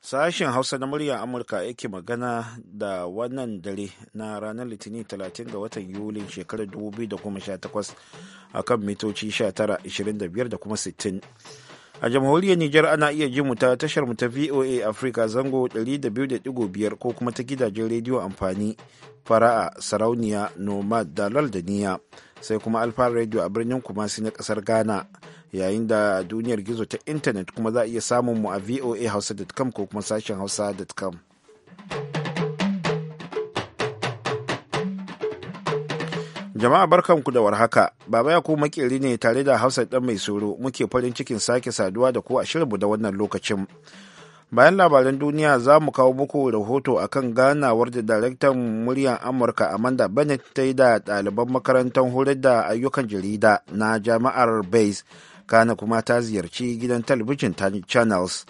Sashen Hausa na murya Amurka yake magana da wannan dare na ranar Litinin 30 ga watan Yulin shekarar 2018 a kan mitoci 19,25 da kuma 60. A jamhuriyar Nijar ana iya ji mu ta tashar mu ta VOA Africa zango 200.5 ko kuma ta gidajen rediyo amfani fara'a sarauniya nomad da da niya. sai kuma alfa radio a birnin kumasi na kasar ghana yayin da duniyar gizo ta intanet kuma za a iya samun mu a voa hausa.com ko kuma sashen hausa.com jama'a barkanku da warhaka baba ya ku makeri ne tare da hausa dan mai soro muke farin cikin sake saduwa da ku a shirinmu da wannan lokacin bayan labaran duniya za mu kawo muku rahoto akan ganawar da daraktan muryar amurka amanda bennett ta yi da ɗaliban makarantar horar da ayyukan jarida na jami'ar base kana kuma ta ziyarci gidan talabijin channels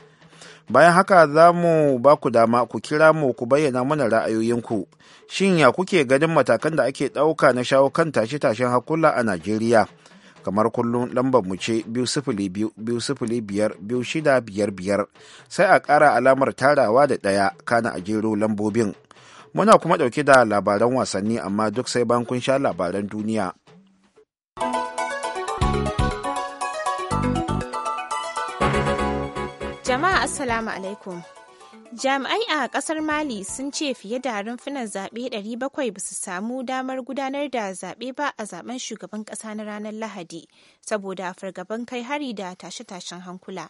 bayan haka za mu ba ku dama ku kira mu ku bayyana mana ra'ayoyinku shin ya kuke ganin matakan da ake ɗauka na shawo kan tashe-tashen hakula a najeriya kamar kullum lambar mu ce biyu sifili biyu biyu sifili biyar biyu shida biyar biyar sai a ƙara alamar tarawa da ɗaya kana a jero lambobin muna kuma ɗauke da labaran wasanni amma duk sai ban kun sha labaran duniya jama'a assalamu alaikum Jami'ai a kasar Mali sun ce fiye da rumfunan zaɓe 700 ba su samu damar gudanar da zaɓe ba a zaɓen shugaban ƙasa na ranar Lahadi saboda fargaban kai hari da tashe-tashen hankula.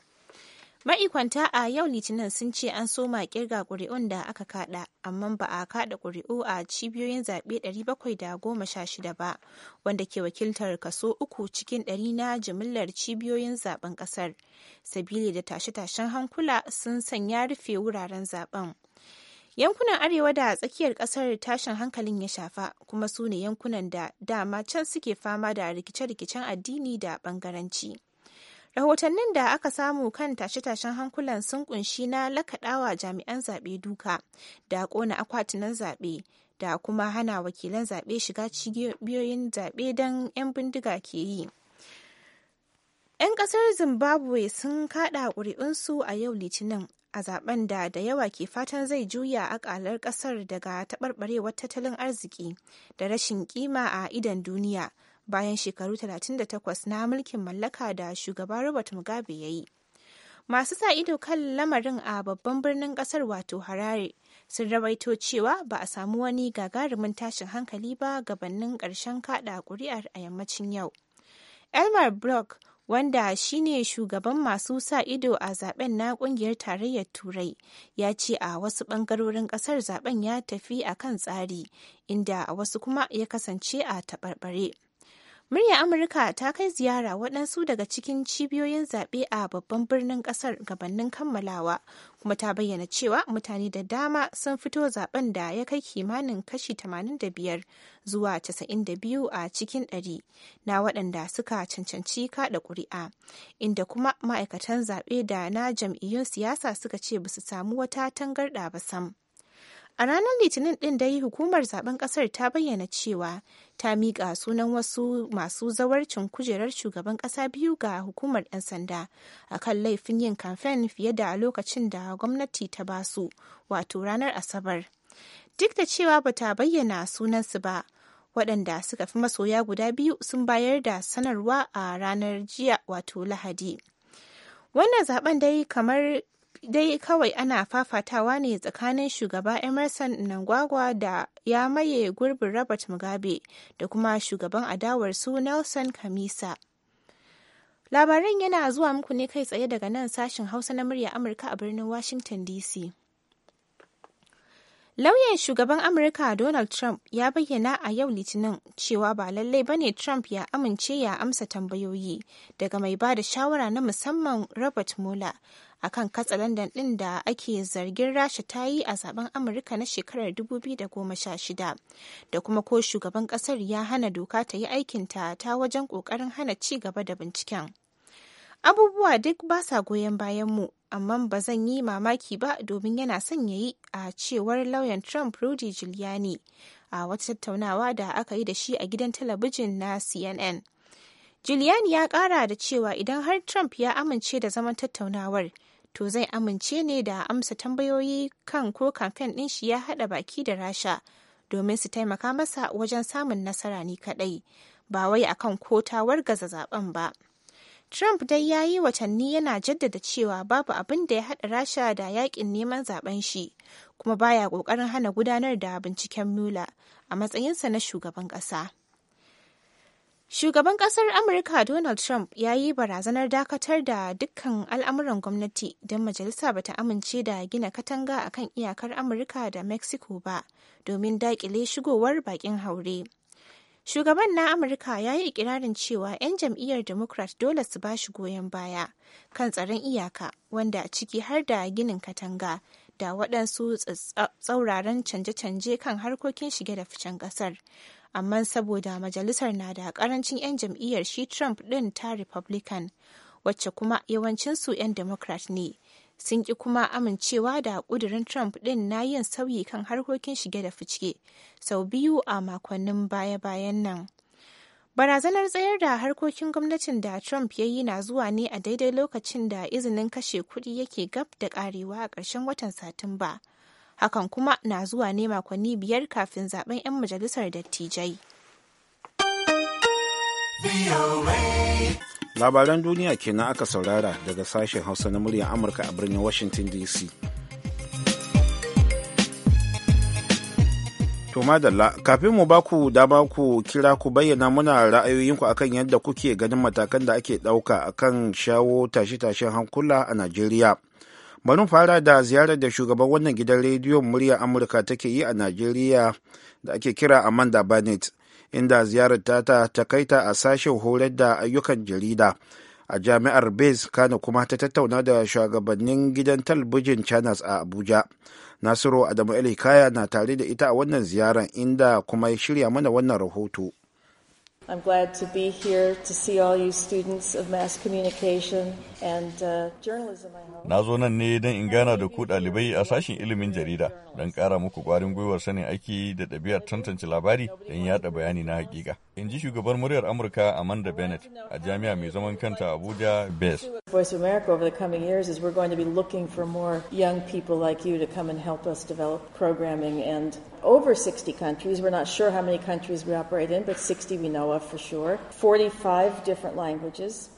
Ma'ikwanta a yau Litinin sun ce an soma kirga ƙuri'un da aka kada, amma ba a kada ƙuri'u a cibiyoyin zaɓe 716 ba, wanda ke wakiltar kaso uku cikin ɗari na jimillar cibiyoyin zaben ƙasar. Sabili da tashe-tashen hankula sun sanya rufe wuraren zaben. yankunan arewa da tsakiyar ƙasar tashin hankalin ya shafa kuma su ne yankunan da dama can suke fama da rikice-rikicen addini da ɓangaranci. rahotannin da aka samu kan tashe-tashen hankulan sun kunshi na lakaɗawa jami'an zaɓe duka da ƙona akwatunan zaɓe da kuma hana wakilan zaɓe shiga cibiyoyin zaɓe don 'yan bindiga ke yi. 'Yan ƙasar Zimbabwe sun kaɗa ƙuri'unsu a yau Litinin a zaben da da yawa ke fatan zai juya akalar ƙasar daga taɓarɓarewar tattalin arziki da rashin kima a idon duniya bayan shekaru 38 na mulkin mallaka da shugaba Robert Mugabe ya yi. Masu sa ido kan lamarin a babban birnin kasar wato Harare sun rawaito cewa ba a samu wani gagarumin tashin hankali ba gabanin ƙarshen kaɗa ƙuri'ar a yammacin yau. Elmar Brock wanda shine shugaban masu sa ido a zaben na kungiyar tarayyar turai ya ce a wasu bangarorin kasar zaben ya tafi a kan tsari inda a wasu kuma ya kasance a taɓarɓare Murya Amurka ta kai ziyara waɗansu daga cikin cibiyoyin zaɓe a babban birnin ƙasar gabannin kammalawa, kuma ta bayyana cewa mutane da dama sun fito zaben da ya kai kimanin kashi 85 zuwa 92 a cikin 100 na waɗanda suka cancanci kaɗa ƙuri'a, inda kuma ma'aikatan zaɓe da na jam'iyyun siyasa suka ce ba su samu wata tangarɗa ba sam. A ranar Litinin ɗin dai hukumar zaben ƙasar ta bayyana cewa ta miƙa sunan wasu masu zawarcin kujerar shugaban ƙasa biyu ga hukumar 'yan sanda a kan laifin yin kamfen fiye da lokacin da gwamnati ta ba su, wato ranar Asabar. Duk da cewa ba ta bayyana sunansu ba, waɗanda suka fi masoya guda biyu sun bayar da sanarwa a ranar jiya wato Lahadi. Wannan zaben dai kamar dai kawai ana fafatawa ne tsakanin shugaba Emerson Nangwagwa da ya maye gurbin Robert Mugabe da kuma shugaban adawar su Nelson Kamisa. Labaran yana zuwa muku ne kai tsaye daga nan sashen Hausa na murya Amurka a birnin Washington DC. Lauyan shugaban Amurka Donald Trump ya bayyana a yau Litinin cewa ba lallai bane Trump ya amince ya amsa tambayoyi daga mai ba da shawara na musamman Robert Mueller akan katsalandan ɗin da ake zargin rasha ta yi a zaben amurka na shekarar 2016 da kuma ko shugaban ƙasar ya hana doka ta yi aikinta ta wajen ƙoƙarin hana ci gaba da binciken abubuwa duk ba sa goyon bayan mu amma ba zan yi mamaki ba domin yana son ya yi a cewar lauyan trump rudy giuliani a wata tattaunawa da aka yi da shi a gidan talabijin na cnn giuliani ya kara da cewa idan har trump ya amince da zaman tattaunawar to zai amince ne da amsa tambayoyi kan ko kamfen ɗin shi ya haɗa baki da rasha domin su taimaka masa wajen samun nasara ni kaɗai ba wai akan ko tawar wargaza zaben ba. Trump dai ya yi watanni yana jaddada cewa babu abin da ya haɗa rasha da yakin neman zaben shi, kuma baya ƙoƙarin hana gudanar da binciken mula a matsayinsa na shugaban ƙasa. Shugaban kasar Amurka Donald Trump ya yi barazanar dakatar da dukkan al'amuran gwamnati don majalisa ba ta amince da gina katanga a kan iyakar Amurka da Mexico ba domin daƙile shigowar baƙin haure. Shugaban na Amurka ya yi ikirarin cewa 'yan jam'iyyar Democrat dole su ba shi goyon baya kan tsaron iyaka wanda ciki har da ginin katanga da waɗansu tsauraran canje-canje kan harkokin shige da ficen ƙasar. amma saboda majalisar na da karancin 'yan jam'iyyar shi Trump ɗin ta Republican, wacce kuma yawancinsu 'yan Democrat ne. Sun ƙi kuma amincewa da ƙudurin Trump ɗin na yin sauyi kan harkokin shige da fice sau biyu a makonnin baya-bayan nan. Barazanar tsayar da harkokin gwamnatin da Trump ya yi na zuwa ne a daidai lokacin da izinin kashe kuɗi yake gab da ƙarewa a ƙarshen watan Satumba. hakan kuma na zuwa ne makonni biyar kafin zaben 'yan majalisar dattijai. Labaran duniya kenan aka saurara daga sashen Hausa na muryar Amurka a birnin Washington DC. To madalla, kafin mu baku dama ku kira ku bayyana muna ra'ayoyinku akan yadda kuke ganin matakan da ake ɗauka akan shawo tashe-tashen hankula a Najeriya. bari fara da ziyarar da shugaban wannan gidan rediyon murya amurka take yi a najeriya da ake kira amanda barnett inda ziyarar ta ta kaita a sashen horar da ayyukan jarida a jami'ar base kano kuma ta tattauna da shugabannin gidan talbijin channels a abuja nasiru adamu el hikaya na tare da ita a wannan ziyarar inda kuma ya shirya mana wannan rahoto I'm glad to be here to see all you students of mass communication and uh, journalism, Na zo nan ne don in gana da ku ɗalibai a sashen ilimin jarida don ƙara muku ƙwarin gwiwar sanin aiki da ɗabi'ar tantance labari don yaɗa bayani na hakika. In ji shugabar muryar Amurka Amanda Bennett a jami'a mai zaman kanta Abuja Bes. Voice of America over the coming years is we're going to be looking for more young people like you to come and help us develop programming and over 60 countries. We're not sure how many countries we operate in, but 60 we know of for sure. 45 different languages.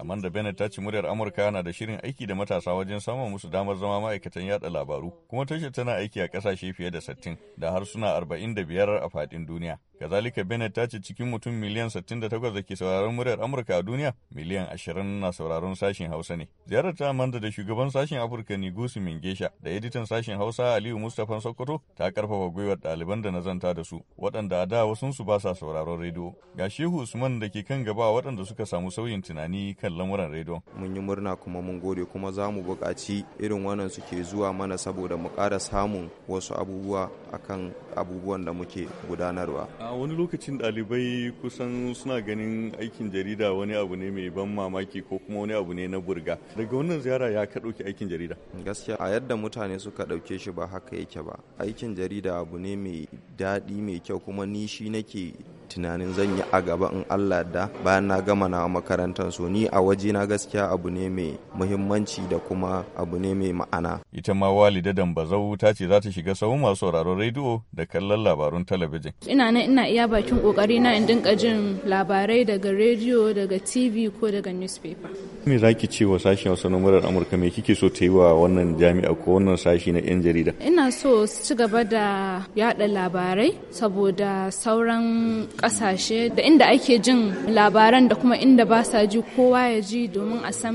Amanda Bennett ta ce muryar Amurka na da shirin aiki da matasa wajen samun musu damar zama ma'aikatan yada labaru, kuma tashar tana aiki a ƙasashe fiye da 60 da harsuna 45 a faɗin duniya. Kazalika Bennett ta ce cikin mutum miliyan 68 da ke sauraron muryar Amurka a duniya miliyan 20 na sauraron sashen Hausa ne. Ziyarar ta manta da shugaban sashen Afirka Nigusi Mingesha da editan sashen Hausa Aliyu Mustapha Sokoto ta karfafa gwiwar ɗaliban da na zanta da su waɗanda a da wasu su ba sa sauraron rediyo. Ga Shehu Usman da ke kan gaba waɗanda suka samu sauyin tunani kan lamuran rediyo. Mun yi murna kuma mun gode kuma za mu buƙaci irin wannan suke zuwa mana saboda mu ƙara samun wasu abubuwa akan abubuwan da muke gudanarwa. a wani lokacin dalibai kusan suna ganin aikin jarida wani abu ne mai ban mamaki ko kuma wani abu ne na burga daga wannan ziyara ya ka ɗauki aikin jarida gaskiya a yadda mutane suka ɗauke shi ba haka yake ba aikin jarida abu ne mai daɗi mai kyau kuma ni shi nake tunanin zan yi a gaba in Allah da bayan na gama na makarantar su ni a waje na gaskiya abu ne mai muhimmanci da kuma abu ne mai ma'ana. Ita ma walida Dambazau ta ce za ta shiga sahun masu sauraron rediyo da kallon labarun talabijin. Ina nan ina iya bakin kokari na in dinka jin labarai daga rediyo daga TV ko daga newspaper. Me za ki ce wa sashen wasu murar Amurka me kike so ta yi wa wannan jami'a ko wannan sashi na 'yan jarida? Ina so su ci gaba da yada labarai saboda sauran ƙasashe da inda ake jin labaran da kuma inda ba sa ji kowa ya ji domin a san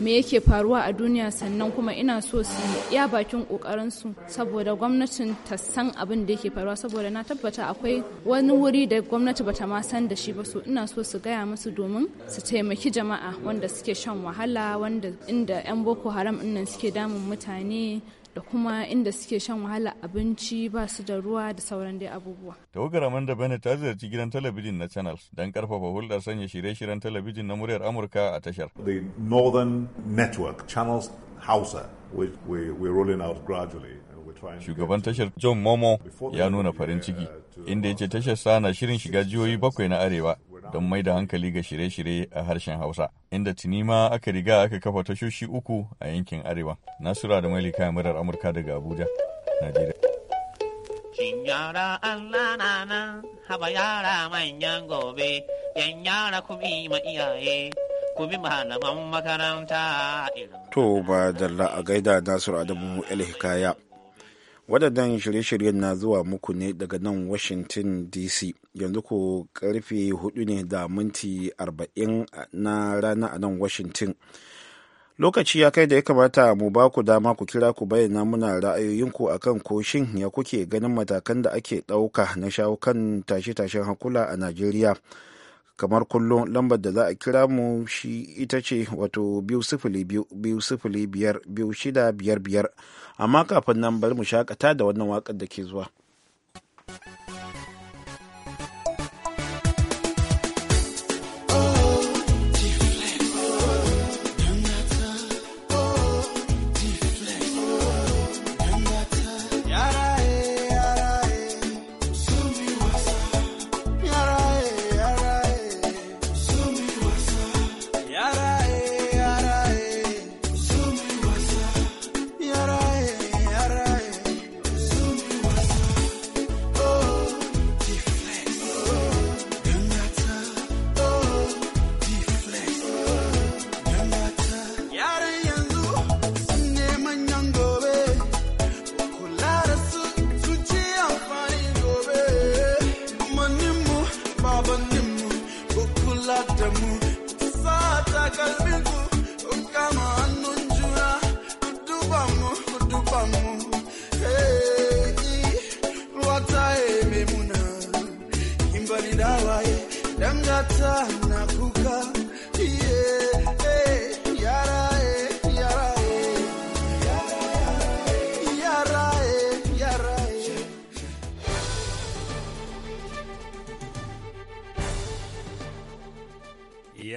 me yake faruwa a duniya sannan kuma ina so su iya bakin kokarinsu saboda gwamnatin ta san abin da yake faruwa saboda na tabbata akwai wani wuri da gwamnati bata ma san da shi ba so ina so su gaya musu domin su taimaki jama'a wanda suke shan wahala wanda inda yan boko haram nan suke damun mutane da kuma inda suke shan wahala abinci ba su da ruwa da sauran dai abubuwa. Tawagar Amanda Bennett ta ziyarci gidan talabijin na Channels don karfafa hulɗar sanya shirye-shiryen talabijin na muryar Amurka a tashar. The Northern Network Channels Hausa, we, we're rolling out gradually. Shugaban tashar John Momo ya nuna farin ciki, uh, inda ya ce tashar sa na shirin shiga jihohi bakwai na Arewa, don mai da hankali ga shirye-shirye a harshen Hausa, inda tuni ma aka riga aka kafa tashoshi uku a yankin Arewa. Nasura da Malika murar Amurka daga Abuja, Najeriya. Shin yara Allah na nan, haba yara manyan gobe, yan yara bi ma iyaye, ku bi malaman makaranta. To, ba dalla a gaida Nasiru Adamu El Hikaya. waɗannan shirye-shiryen na zuwa muku ne daga nan washington dc yanzu ko karfe 4 ne da minti 40 na rana a nan washington lokaci ya kai da ya kamata mu ba ku dama ku kira ku bayyana muna ra'ayoyinku akan ko shin ya kuke ganin matakan da ake ɗauka na shawo kan tashe-tashen hakula a najeriya kamar kullum lambar da za a kira mu shi ita ce wato biyu sifili biyar amma kafin nan bari mu shakata da wannan wakar da ke zuwa.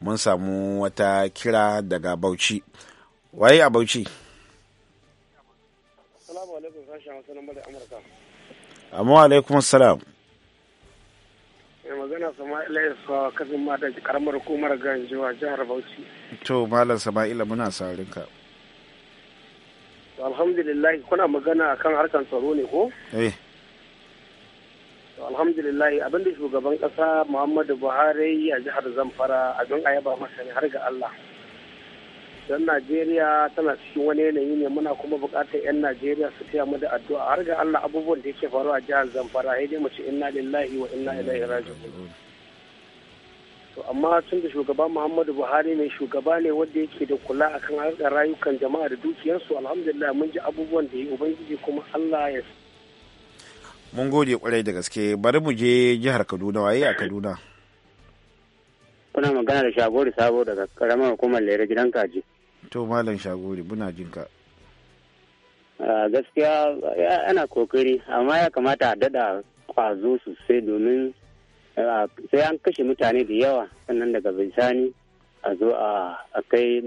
mun samu wata kira daga bauchi waye a bauchi salamu alaikum sashen hausa na amurka amma alaikum salam magana sama'ila kafin karamar hukumar ganjewa jihar bauchi to malam muna saurin ka alhamdulillah kuna magana akan harkar tsaro ne ko eh alhamdulillah abin da shugaban kasa Muhammadu Buhari a jihar Zamfara abin a yaba masa ne har ga Allah. Don Najeriya tana cikin wani yanayi ne muna kuma bukatar 'yan Najeriya su taya mu da addu'a har ga Allah abubuwan da yake faruwa a jihar Zamfara ya dai mu inna lillahi wa inna ilaihi raji'un. To amma tun da shugaba Muhammadu Buhari ne shugaba ne wanda yake da kula akan harkar rayukan jama'a da dukiyarsu alhamdulillah mun ji abubuwan da ya ubangiji kuma Allah ya mun gode kwarai da gaske bari mu je jihar kaduna waye a kaduna kuna magana da shagori sabo daga karamar hukumar lera gidan kaji to malam shagori muna jin ka gaskiya ana kokari amma ya kamata a dada kwazo sosai domin sai an kashe mutane da yawa sannan daga bisani a zo a kai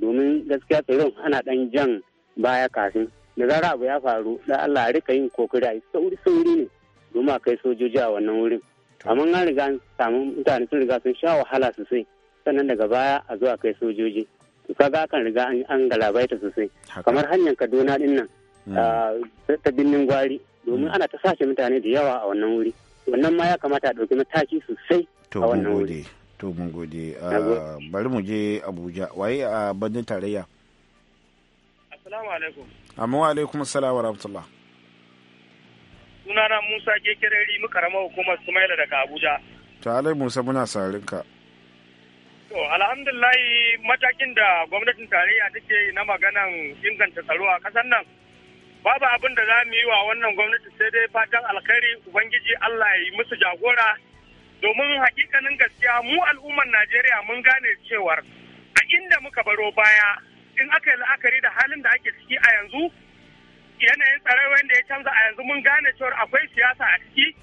domin gaskiya tsaron ana dan jan baya kafin da zara abu ya faru da Allah a rika yin kokari a sauri sauri ne domin a kai sojoji a wannan wurin amma an riga an mutane sun riga sun sha wahala sosai sannan daga baya a zuwa kai sojoji to kaga kan riga an galabaita sosai kamar hanyar Kaduna din nan hmm. ta binnin gwari domin hmm. ana ta sace mutane da yawa a wannan wuri wannan ma ya kamata a ɗauki mataki sosai a wannan wuri to mun gode bari mu je abuja waye a bandin tarayya assalamu amma wa alaikum assalam wa rahmatullah sunana musa kekereri mu karamar hukumar sumaila daga abuja ta alai musa muna sarin ka to matakin da gwamnatin tarayya take na maganan inganta tsaro a kasar nan babu abin da za mu yi wa wannan gwamnati sai dai fatan alkhairi ubangiji allah ya yi musu jagora domin hakikanin gaskiya mu al'ummar najeriya mun gane cewar a inda muka baro baya muka yi la'akari da halin da ake ciki a yanzu yanayin tsaron wanda ya canza a yanzu mun gane cewar akwai siyasa a ciki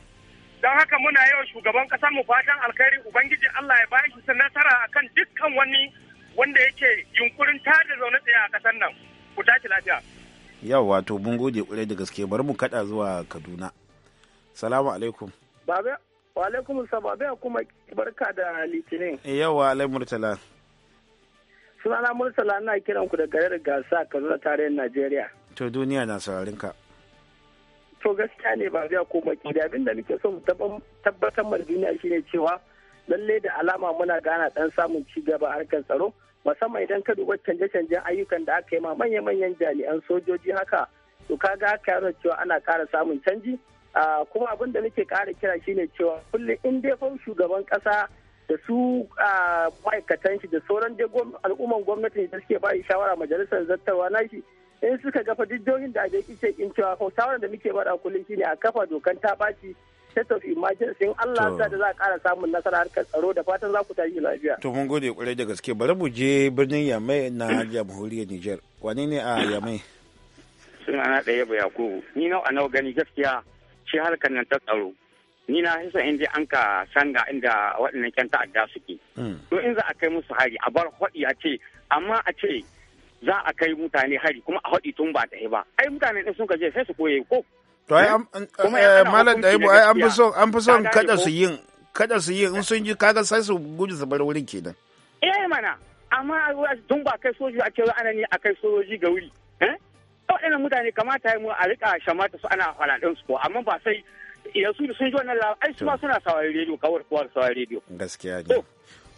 don haka muna yau shugaban kasar mu fatan alkhairi ubangiji Allah ya bashi nasara akan dukkan wani wanda yake yunkurin tada zaune tsaye a kasar nan ku tashi lafiya yau wato mun gode kure da gaske bari mu kada zuwa Kaduna salamu alaikum babe wa alaikum salam babe kuma barka da litinin eh, yau wa alaikum sunana murtala na kiran ku da garin gasa kaduna tarihin najeriya to duniya na saurarin ka to gaskiya ne ba zai koma ki da abinda muke so mu tabbatar mu duniya shine cewa lalle da alama muna gana dan samun ci gaba harkar tsaro musamman idan ka duba canje-canjen ayyukan da aka yi ma manya-manyan jami'an sojoji haka to kaga haka yana cewa ana kara samun canji ah, kuma abin da muke kara kira shine cewa kullum in dai fa shugaban ƙasa da su ma'aikatan shi da sauran al'umman gwamnati da suke bayi shawara majalisar zartarwa na shi in suka gafa diddohin da ake ce in cewa ko shawarar da muke bada kullum shine a kafa dokan ta baci state of emergency in Allah ya da za a ƙara samun nasara harkar tsaro da fatan za ku tashi lafiya. To mun gode kwarai da gaske bari mu je birnin Yamai na jamhuriyar Niger. Wane ne a Yamai? Sunana ɗaya ba Yakubu. Ni nawa nawa gani gaskiya shi harkar nan ta tsaro. ni na hisa in je an ka sanga inda waɗannan kyan ta'adda suke. Hmm. To in za a kai musu hari a bar haɗi a ce amma a ce za a kai mutane hari kuma a haɗi tun ba ta ba. Ai mutane ɗin sun ka je sai su koye ko. To ai eh, malam da ibo ai an fi son an fi son kada su yin kada su yin in sun ji kaga sai su guji su bar wurin kenan. Eh mana amma tun ba kai soji a ce ana ne a kai soji ga wuri. Eh? Waɗannan mutane kamata ya mu a riƙa shamata su ana faɗaɗin ko amma ba sai idan su sun ji wannan labarin ai su ma suna saurari rediyo kawar kuwar saurari rediyo gaskiya ne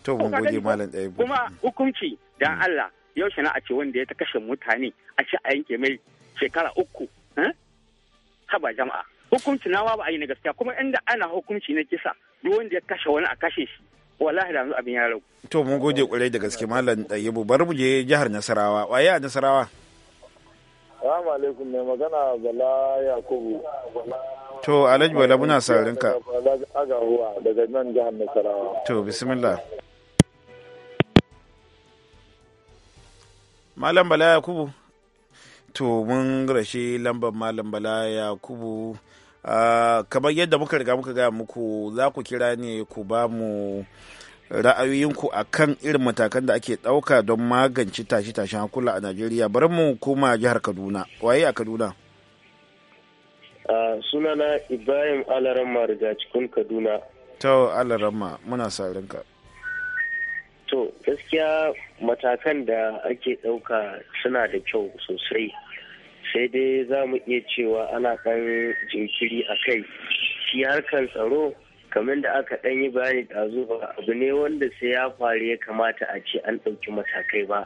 to mun gode malam ɗaya kuma hukunci dan mm. Allah yau shi na a ce wanda ya ta kashe mutane a ce a yanke mai shekara uku eh? haba jama'a hukunci nawa ba a yi na gaskiya kuma inda ana hukunci na kisa duk wanda ya kashe wani a kashe shi wallahi da abin ya rau to mun gode kwarai da gaske malam ɗayyabu bar mu je jihar Nasarawa waye a Nasarawa Salamu alaikum mai magana Bala Yakubu. To Alhaji Bala muna sarin ka. Agahuwa daga nan jihar Nasarawa. To bismillah. Malam Bala Yakubu. To mun rashe lambar Malam Bala Yakubu. Uh, kamar yadda muka riga muka gaya muku za ku kira ne ku ba mu ra'ayoyinku a kan irin matakan da ake ɗauka don magance tashe-tashen hankula a najeriya bari mu koma jihar kaduna waye a kaduna sunana ibrahim alarama daga cikin kaduna to alarama muna sa to gaskiya matakan da ake ɗauka suna da kyau sosai sai dai za mu iya cewa ana ɗan jinkiri a kai shi harkar tsaro kamar da aka ɗan yi bayani ɗazu ba abu ne wanda sai ya faru ya kamata a ce an ɗauki matakai ba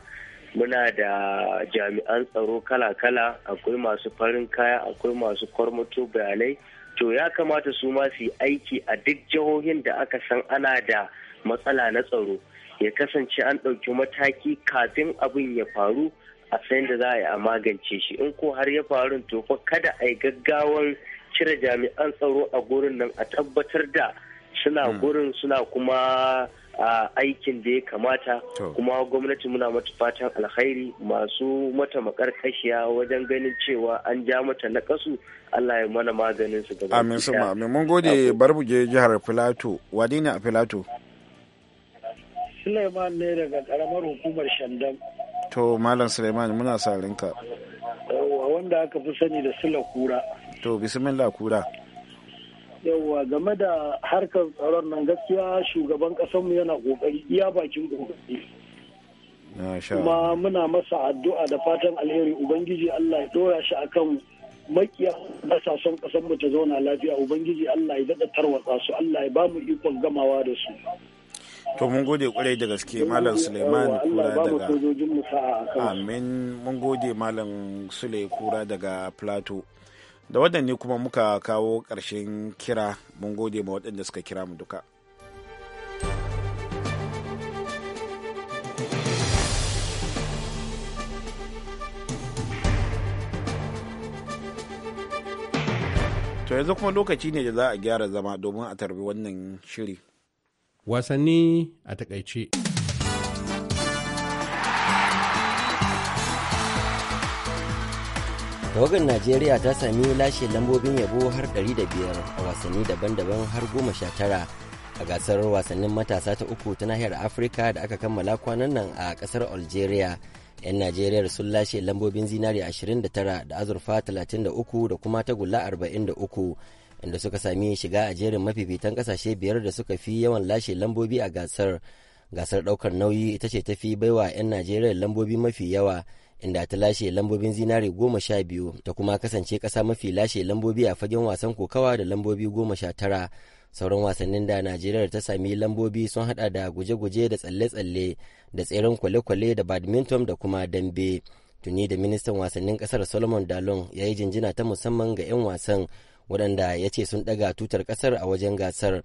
muna da jami'an tsaro kala-kala akwai masu farin kaya akwai masu kwarmato bayanai to ya kamata su ma su yi aiki a duk jihohin da aka san ana da matsala na tsaro ya kasance an ɗauki mataki kafin abin ya faru a sayan da za a yi a magance shi in ko har ya faru to fa kada a yi gaggawar cire jami'an tsaro a gurin nan a tabbatar da suna hmm. gurin suna kuma aikin da ya kamata kuma gwamnati muna mata fatan alkhairi masu mata makarkashiya wajen ganin cewa an ja mata na kasu Allah ya mana maganin su gaba. Amin su amin mun gode barbuje jihar Filato wadi ne a Filato. Suleiman ne daga karamar hukumar Shandam. To Malam Suleiman muna sa rinka. wanda aka fi sani da Sula Kura. to bismillah kura yawwa game da harkar tsaron nan gaskiya shugaban kasanmu yana kokari iya bakin kokari kuma muna masa addu'a da fatan alheri ubangiji Allah ya dora shi akan makiya nasa son kasan mu ta zauna lafiya ubangiji Allah ya dada tarwatsa su Allah ya ba mu ikon gamawa da su to mun gode kwarai da gaske malam suleiman kura daga amin mun gode malam sule kura daga plateau da wannan kuma muka kawo ƙarshen kira mun gode ma waɗanda suka kira mu duka to yanzu kuma lokaci ne da za a gyara zama domin a tarbi wannan shiri wasanni a takaice tawagar najeriya ta sami lashe lambobin yabo har 500 a wasanni daban-daban har 19 a gasar wasannin matasa ta uku ta nahiyar afirka da aka kammala kwanan nan a kasar algeria 'yan najeriya sun lashe lambobin zinari 29 da azurfa 33 da kuma tagulla 43 inda suka sami shiga a jerin mafifitan kasashe biyar da suka fi yawan lashe lambobi a gasar gasar daukar nauyi ita ce ta fi baiwa 'yan najeriya lambobi mafi yawa inda ta lashe lambobin zinare goma sha biyu ta kuma kasance kasa mafi lashe lambobi a fagen wasan kokawa da lambobi goma sha tara sauran wasannin da najeriya ta sami lambobi sun hada da guje-guje da tsalle-tsalle da tseren kwale-kwale da badminton da kuma dambe tuni da ministan wasannin kasar solomon dalon ya yi jinjina ta musamman ga 'yan wasan waɗanda ya ce sun daga tutar kasar a wajen gasar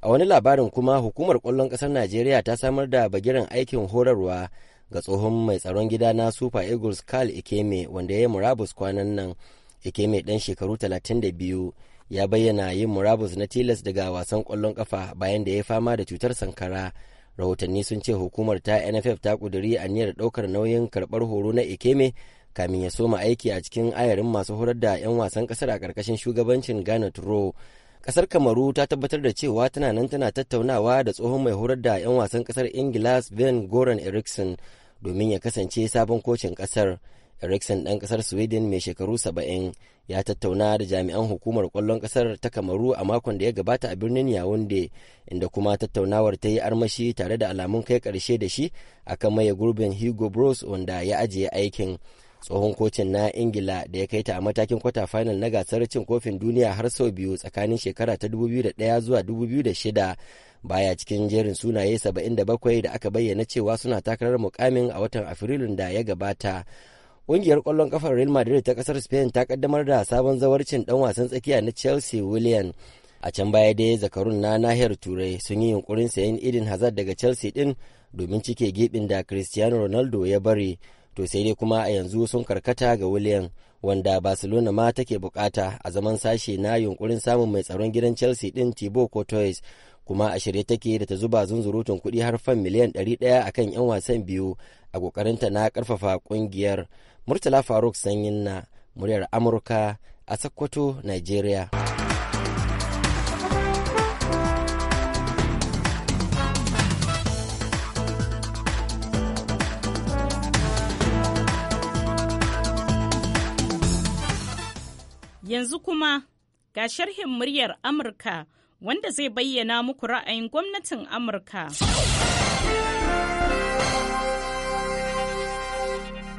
a wani labarin kuma hukumar kwallon kasar najeriya ta samar da bagiran aikin horarwa ga tsohon mai tsaron gida na super eagles carl ikeme wanda ya yi murabus kwanan nan ikeme dan shekaru 32 ya bayyana yin murabus na tilas daga wasan kwallon kafa bayan da ya yi fama da cutar sankara rahotanni sun ce hukumar ta nff ta kuduri aniyar daukar nauyin karbar horo na ikeme kamin ya soma aiki a cikin ayarin masu horar da 'yan wasan kasar a karkashin shugabancin ghana turo kasar kamaru ta tabbatar da cewa tana nan tana tattaunawa da tsohon mai horar da 'yan wasan kasar ingila sven goran eriksson domin ya kasance sabon kocin kasar erikson ɗan ƙasar sweden mai shekaru 70 ya tattauna da jami'an hukumar ƙwallon ƙasar ta kamaru a makon da ya gabata a birnin yawunde inda kuma tattaunawar ta yi armashi tare da alamun kai karshe da shi akan maye gurbin hugo bros wanda ya ajiye aikin tsohon kocin na ingila da ya kai ta a matakin kwata final na gasar cin kofin duniya har sau biyu tsakanin shekara ta 2001 zuwa 2006 baya cikin jerin sunaye 77 da aka bayyana cewa suna takarar mukamin a watan afrilun da ya gabata ƙungiyar ƙwallon kafar real madrid ta ƙasar spain ta kaddamar da sabon zawarcin dan wasan tsakiya na chelsea willian a can baya dai zakarun na nahiyar turai sun yi yunkurin sayan idin hazard daga chelsea din domin cike gibin da cristiano ronaldo ya bari to sai dai kuma a yanzu sun karkata ga willian wanda barcelona ma take bukata a zaman sashe na yunkurin samun mai tsaron gidan chelsea din thibaut courtois kuma a shirye take da ta zuba zunzurutun kuɗi har fan miliyan 100 kan 'yan wasan biyu a ƙoƙarinta na ƙarfafa ƙungiyar murtala faruk sanyin na muryar amurka a sakkwato nigeria yanzu kuma ga sharhin muryar amurka wanda zai bayyana muku ra'ayin gwamnatin Amurka.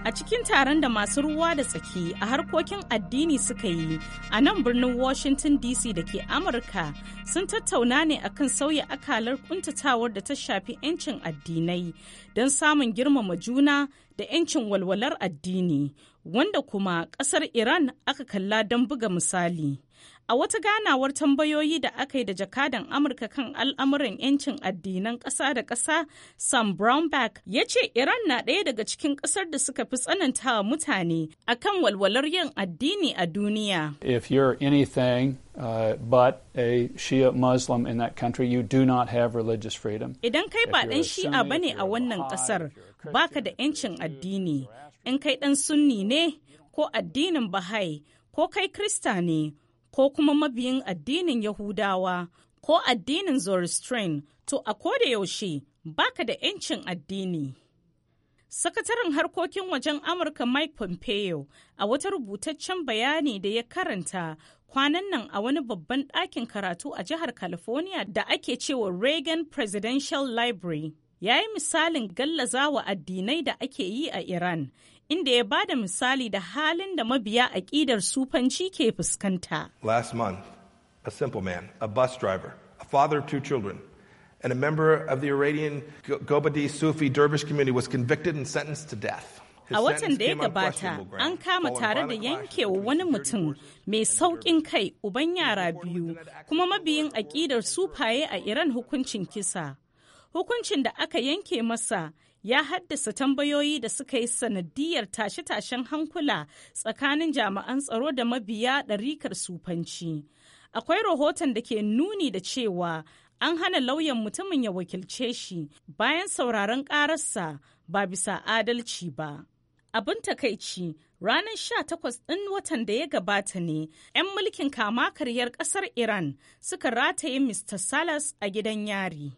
A cikin taron da masu ruwa da tsaki a harkokin addini suka yi a nan birnin Washington DC da ke Amurka sun tattauna ne akan sauya akalar kuntatawar da ta shafi 'yancin addinai don samun girmama juna da 'yancin walwalar addini wanda kuma ƙasar Iran aka kalla don buga misali. A wata ganawar tambayoyi da aka yi da jakadan Amurka kan al'amuran 'yancin addinan ƙasa da ƙasa, Sam Brownback ya ce Iran na ɗaya daga cikin ƙasar da suka fi tsanantawa mutane a kan walwalar yin addini a duniya. If you're anything Uh, but a Shia Muslim in that country, you do not have religious freedom. Idan kai ba ɗan Shi'a ba ne a wannan ƙasar, baka da 'yancin addini. In kai ɗan Sunni ne, ko addinin Bahai, ko kai Krista ne, ko kuma mabiyin addinin Yahudawa ko addinin Zoroastrian to a koda yaushe baka da 'yancin addini. Sakataren harkokin wajen Amurka Mike Pompeo a wata rubutaccen bayani da ya karanta kwanan nan a wani babban ɗakin karatu a jihar California da ake cewa Reagan Presidential Library. Ya yi misalin gallazawa addinai da ake yi a Iran, inda ya ba da misali da halin da mabiya aƙidar sufanci ke fuskanta. Last month, a simple man, a bus driver, a father of two children, and a member of the Iranian Gobadi Sufi dervish community was convicted and sentenced to death. A watan da ya gabata, an kama tare da yankewa wani mutum mai sauƙin kai uban yara biyu, kuma mabiyin aƙidar sufaye a Iran hukuncin kisa. Hukuncin da aka yanke masa ya haddasa tambayoyi da suka yi sanadiyar tashe-tashen hankula tsakanin jami'an tsaro da mabiya ɗarikar sufanci. Akwai rahoton da ke nuni da cewa an hana lauyan mutumin ya wakilce shi bayan sauraron ƙararsa ba bisa adalci ba. Abin takaici ranar 18 ɗin watan da ya gabata ne 'yan mulkin kama karyar ƙasar Iran suka rataye Mr. Salas a gidan yari.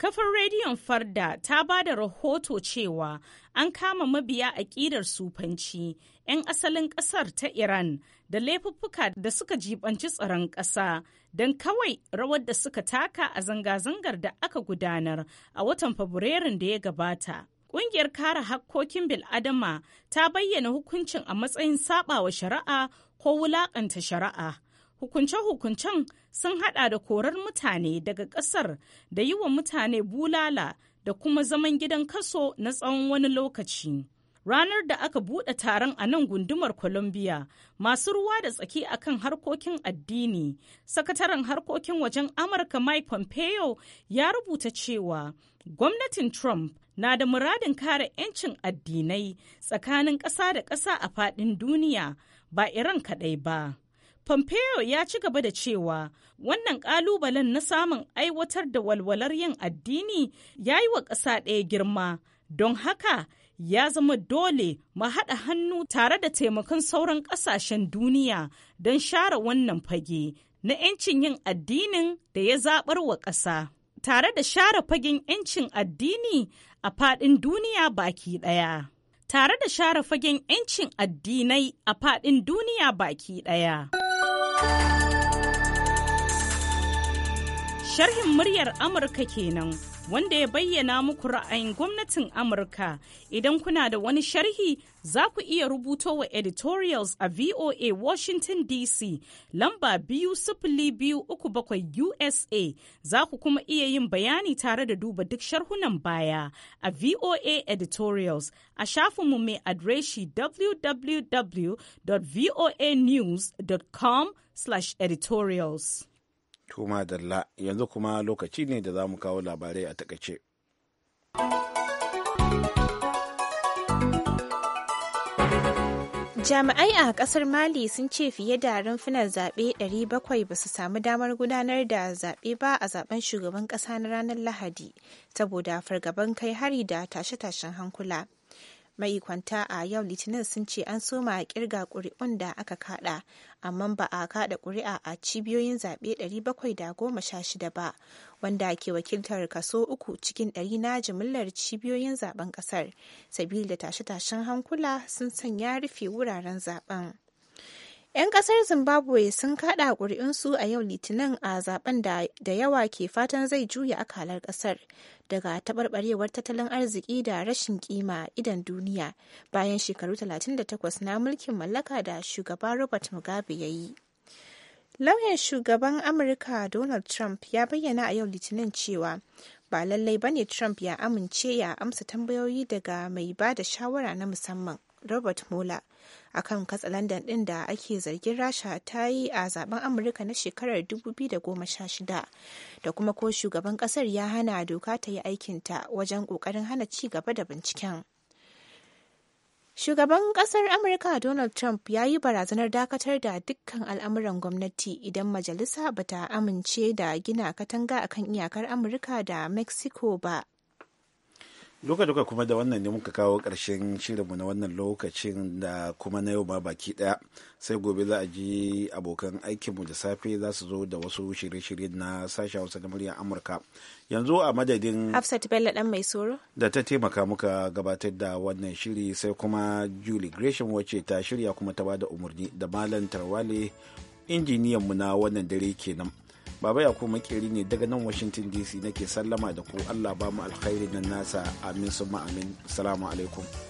Kafar rediyon Farda ta ba da rahoto cewa an kama mabiya aƙidar sufanci 'yan asalin ƙasar ta Iran da laifuffuka da suka jibanci tsaron ƙasa don kawai rawar da suka taka a zanga-zangar da aka gudanar a watan Fabrairun da ya gabata. Ƙungiyar kare hakkokin bil'adama ta bayyana hukuncin a matsayin saɓawa shari'a ko wulaƙanta shari'a. Hukunce-hukuncen sun hada da korar mutane daga ƙasar da yi wa mutane bulala da kuma zaman gidan kaso na tsawon wani lokaci. Ranar da aka buɗe taron a nan gundumar Colombia, masu ruwa da tsaki akan harkokin addini, sakataren harkokin wajen Amurka Mike Pompeo ya rubuta cewa gwamnatin Trump na da muradin kare 'yancin addinai tsakanin ƙasa da ƙasa a faɗin duniya ba Iran kaɗai ba. Pompeo ya ci gaba da cewa wannan ƙalubalen na samun aiwatar da walwalar yin addini ya yi wa ƙasa ɗaya girma, don haka ya zama dole mu haɗa hannu tare da taimakon sauran ƙasashen duniya don share wannan fage na 'yancin yin addinin da ya zaɓar wa ƙasa. Tare da share fagen 'yancin addini a faɗin duniya baki ɗaya. Tare da share fagen 'yancin addinai a faɗin duniya baki ɗaya. Sharhin muryar Amurka kenan wanda ya bayyana muku ra'ayin gwamnatin Amurka. Idan kuna da wani sharhi za ku iya rubuto wa editorials a VOA Washington DC lamba biyu sifili biyu uku bakwai USA za ku kuma iya yin bayani tare da duba duk sharhunan baya a VOA editorials a shafin mu mai adreshi www.voanews.com/editorials. Tuma Dalla yanzu kuma lokaci ne da za mu kawo labarai a takaice. Jami'ai a ƙasar Mali sun ce fiye da rumfunan zaɓe 700 ba su samu damar gudanar da zaɓe ba a zaɓen shugaban ƙasa na ranar Lahadi saboda fargaban kai hari da tashe-tashen hankula. kwanta a yau litinin sun ce an soma a kirga ƙuri'un da aka kada amma ba a kada ƙuri'a a cibiyoyin zaɓe 716 ba wanda ke wakiltar kaso uku cikin ɗari na jimillar cibiyoyin zaben ƙasar sabili da tashe-tashen hankula sun sanya rufe wuraren zaben. 'Yan kasar Zimbabwe sun kada ƙuri'unsu a yau Litinin a zaben da yawa ke fatan zai juya akalar ƙasar daga taɓarɓarewar tattalin arziki da rashin kima idan duniya bayan shekaru 38 na mulkin mallaka da shugaba Robert Mugabe ya yi. Lauyan shugaban Amurka Donald Trump ya bayyana a yau Litinin cewa ba lallai bane Trump ya amince ya amsa tambayoyi daga mai ba da shawara na musamman. robert mueller akan katsalandan ɗin da ake zargin rasha ta yi a zaben amurka na shekarar 2016 da kuma ko shugaban ƙasar ya hana doka ta yi aikinta wajen ƙoƙarin hana ci gaba da binciken Shugaban ƙasar Amurka Donald Trump ya yi barazanar dakatar da dukkan al'amuran gwamnati idan majalisa ba ta amince da gina katanga akan iyakar Amurka da Mexico ba duka duka kuma da wannan ne muka kawo ƙarshen shirinmu na wannan lokacin da kuma na yau ma baki ɗaya sai gobe za a ji abokan aikinmu da safe za su zo da wasu shirye-shirye na sashen hausa na muryar amurka yanzu a madadin hafsat bello dan mai soro da ta taimaka muka gabatar da wannan shiri sai kuma julie gresham wacce ta shirya kuma ta bada umarni da malam tarwale injiniyanmu na wannan dare kenan baba ya kuma makeri ne daga nan washington dc nake sallama da ku allah ba mu alkhairi nan nasa amin suma amin salamu alaikum